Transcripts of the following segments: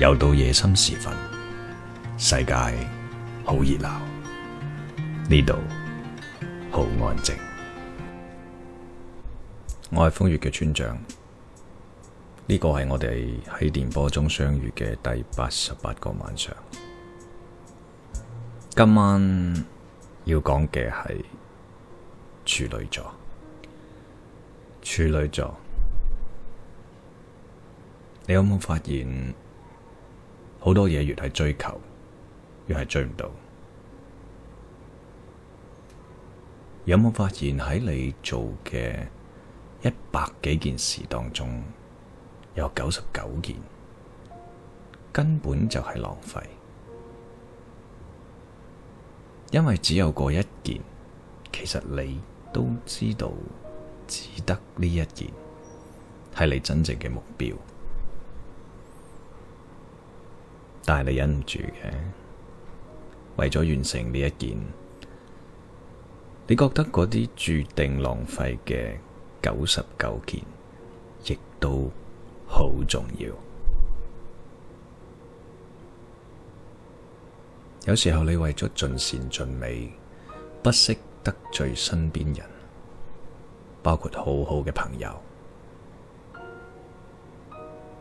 又到夜深時分，世界好熱鬧，呢度好安靜。我係瘋粵嘅村長，呢個係我哋喺電波中相遇嘅第八十八個晚上。今晚要講嘅係處女座，處女座，你有冇發現？好多嘢越係追求，越係追唔到。有冇發現喺你做嘅一百幾件事當中，有九十九件根本就係浪費，因為只有嗰一件，其實你都知道，只得呢一件係你真正嘅目標。但係你忍唔住嘅，為咗完成呢一件，你覺得嗰啲注定浪費嘅九十九件，亦都好重要。有時候你為咗盡善盡美，不惜得罪身邊人，包括好好嘅朋友，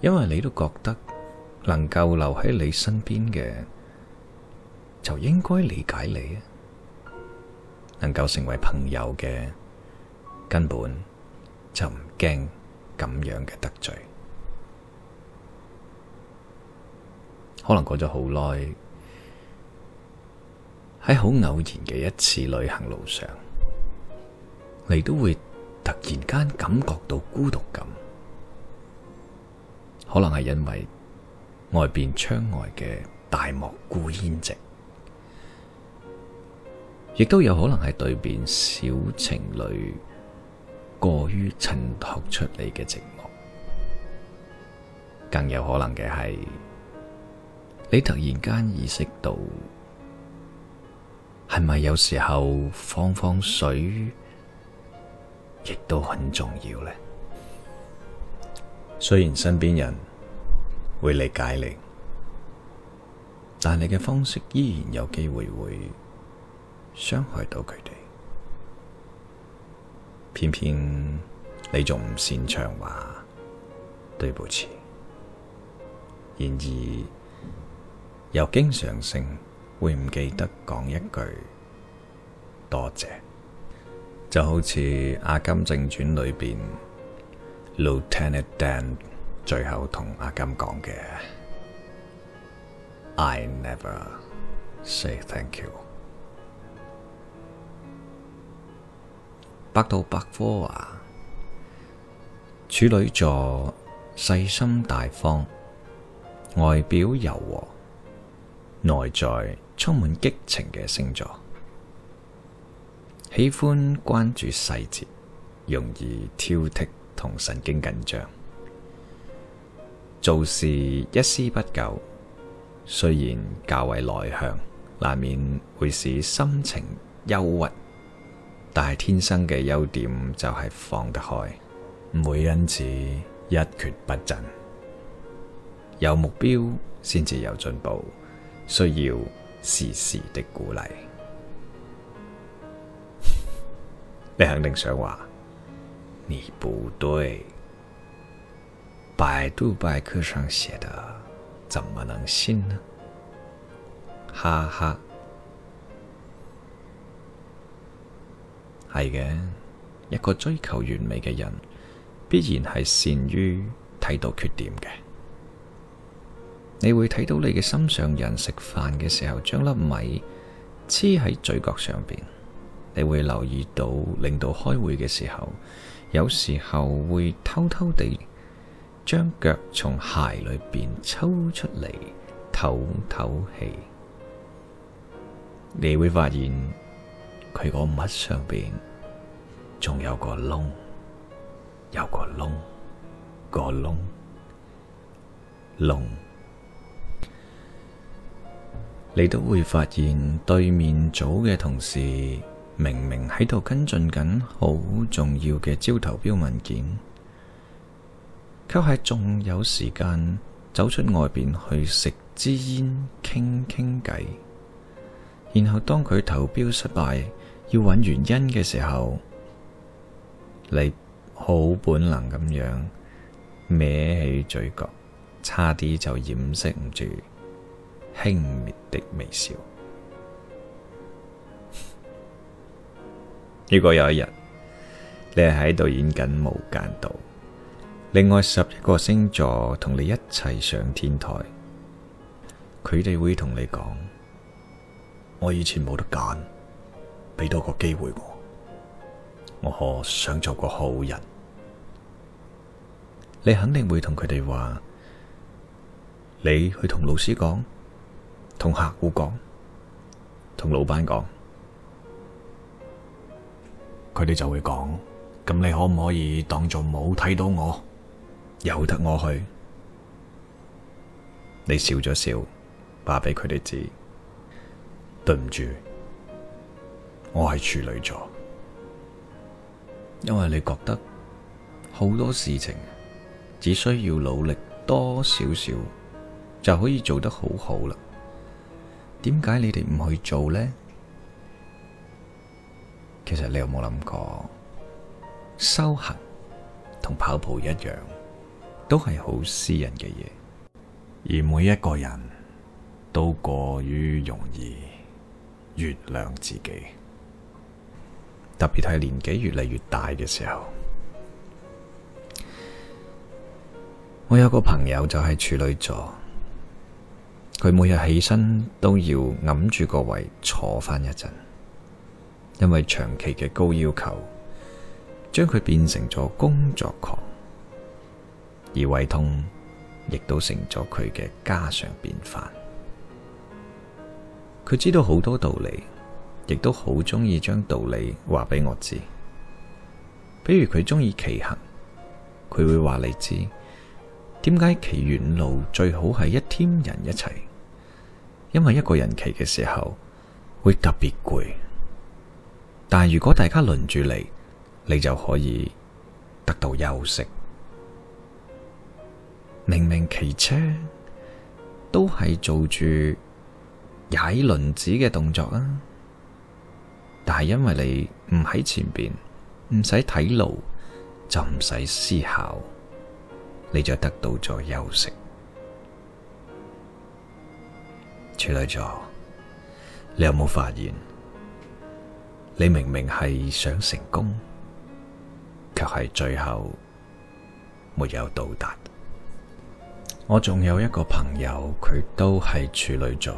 因為你都覺得。能夠留喺你身邊嘅就應該理解你啊，能夠成為朋友嘅根本就唔驚咁樣嘅得罪。可能過咗好耐，喺好偶然嘅一次旅行路上，你都會突然間感覺到孤獨感，可能係因為。外邊窗外嘅大漠孤煙直，亦都有可能係對面小情侶過於襯托出嚟嘅寂寞，更有可能嘅係你突然間意識到，係咪有時候放放水亦都很重要呢？雖然身邊人，會理解你，但你嘅方式依然有機會會傷害到佢哋。偏偏你仲唔擅長話對不起，然而又經常性會唔記得講一句多謝，就好似《阿甘正傳》裏邊 Lieutenant Dan。最後同阿金講嘅，I never say thank you。百度百科啊，處女座細心大方，外表柔和，內在充滿激情嘅星座，喜歡關注細節，容易挑剔同神經緊張。做事一絲不苟，雖然較為內向，難免會使心情憂鬱。但係天生嘅優點就係放得開，唔會因此一蹶不振。有目標先至有進步，需要時時的鼓勵。 你肯定想話你不對。百度百科上寫的，怎麼能信呢？哈哈，係嘅，一個追求完美嘅人，必然係善於睇到缺點嘅。你會睇到你嘅心上人食飯嘅時候將粒米黐喺嘴角上邊，你會留意到領導開會嘅時候，有時候會偷偷地。將腳從鞋裏邊抽出嚟透透氣，你會發現佢個襪上邊仲有個窿，有個窿，個窿，窿。你都會發現對面組嘅同事明明喺度跟進緊好重要嘅招投標文件。卻係仲有時間走出外邊去食支煙傾傾偈。然後當佢投標失敗要揾原因嘅時候，你好本能咁樣歪起嘴角，差啲就掩飾唔住輕蔑的微笑。 如果有一日你係喺度演緊無間道，另外十一個星座同你一齊上天台，佢哋會同你講：我以前冇得揀，俾多個機會我，我可想做個好人。你肯定會同佢哋話：你去同老師講，同客戶講，同老闆講，佢哋就會講：咁你可唔可以當做冇睇到我？由得我去，你笑咗笑，話俾佢哋知。對唔住，我係處女座，因為你覺得好多事情只需要努力多少少就可以做得好好啦。點解你哋唔去做呢？其實你有冇諗過，修行同跑步一樣。都係好私人嘅嘢，而每一個人都過於容易原諒自己，特別係年紀越嚟越大嘅時候。我有個朋友就係處女座，佢每日起身都要揞住個位坐翻一陣，因為長期嘅高要求，將佢變成咗工作狂。而胃痛亦都成咗佢嘅家常便飯。佢知道好多道理，亦都好中意將道理話俾我知。比如佢中意騎行，佢會話你知點解騎遠路最好係一 team 人一齊，因為一個人騎嘅時候會特別攰，但如果大家輪住嚟，你就可以得到休息。明明騎車都係做住踩輪子嘅動作啊，但係因為你唔喺前邊，唔使睇路，就唔使思考，你就得到咗休息。處女座，你有冇發現？你明明係想成功，卻係最後沒有到達。我仲有一個朋友，佢都係處女座。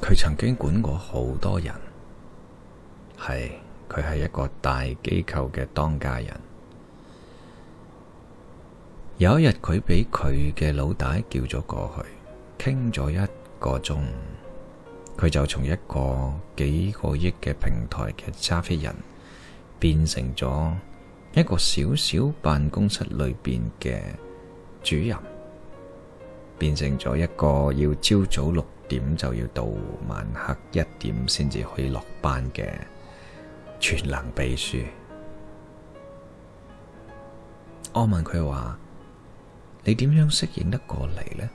佢曾經管過好多人，係佢係一個大機構嘅當家人。有一日，佢俾佢嘅老大叫咗過去，傾咗一個鐘，佢就從一個幾個億嘅平台嘅揸飛人，變成咗一個小小辦公室裏邊嘅主任。變成咗一個要朝早六點就要到晚黑一點先至可以落班嘅全能秘書。我問佢話：你點樣適應得過嚟呢？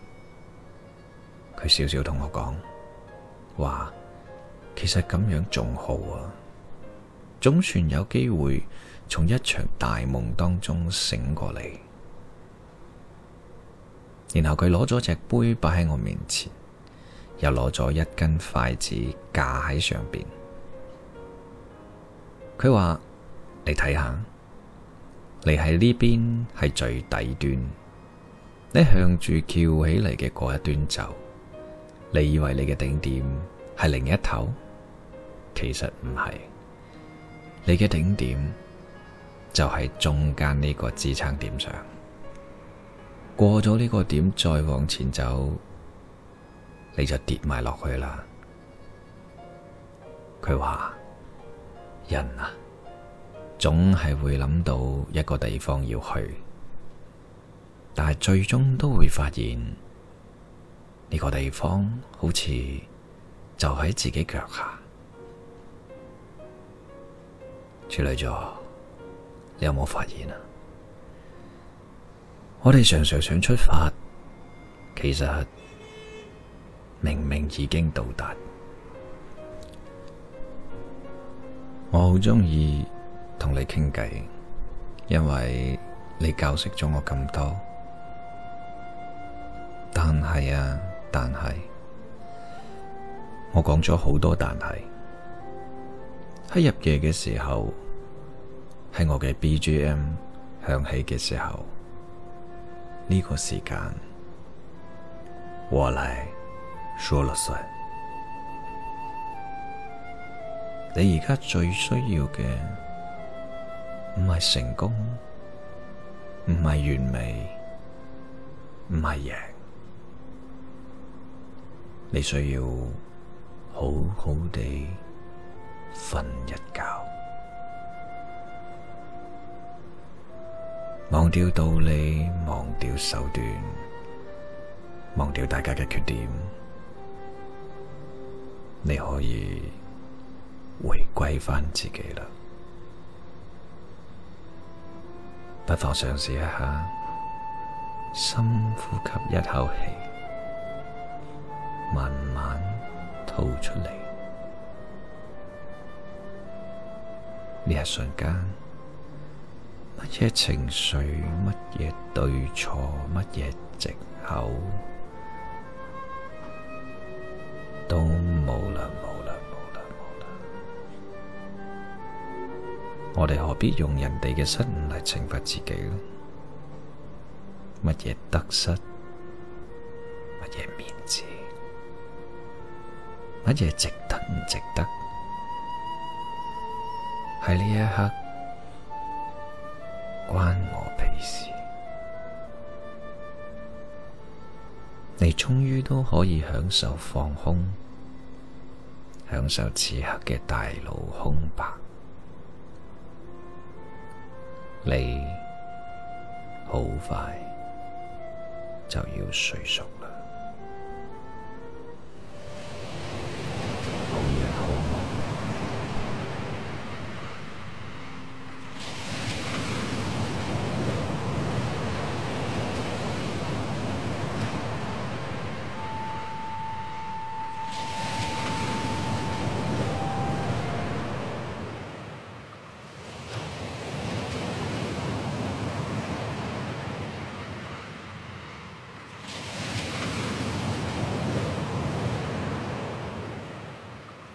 佢少少同我講話，其實咁樣仲好啊，總算有機會從一場大夢當中醒過嚟。然後佢攞咗隻杯擺喺我面前，又攞咗一根筷子架喺上邊。佢話：你睇下，你喺呢邊係最底端，你向住翹起嚟嘅嗰一端走，你以為你嘅頂點係另一頭，其實唔係，你嘅頂點就喺中間呢個支撐點上。過咗呢個點，再往前走，你就跌埋落去啦。佢話：人啊，總係會諗到一個地方要去，但係最終都會發現呢個地方好似就喺自己腳下。處女座，你有冇發現啊？我哋常常想出發，其實明明已經到達。我好鍾意同你傾偈，因為你教識咗我咁多。但係啊，但係我講咗好多但，但係喺入夜嘅時候，喺我嘅 BGM 響起嘅時候。呢個時間，我嚟說了算。你而家最需要嘅唔係成功，唔係完美，唔係贏，你需要好好地瞓一覺。忘掉道理，忘掉手段，忘掉大家嘅缺點，你可以回歸返自己啦。不妨嘗試一下，深呼吸一口氣，慢慢吐出嚟。呢一瞬間。乜嘢情緒，乜嘢對錯，乜嘢借口，都冇啦冇啦冇啦冇啦！我哋何必用人哋嘅失誤嚟懲罰自己呢？乜嘢得失，乜嘢面子，乜嘢值得唔值得？喺呢一刻。關我屁事！你終於都可以享受放空，享受此刻嘅大腦空白。你好快就要睡熟。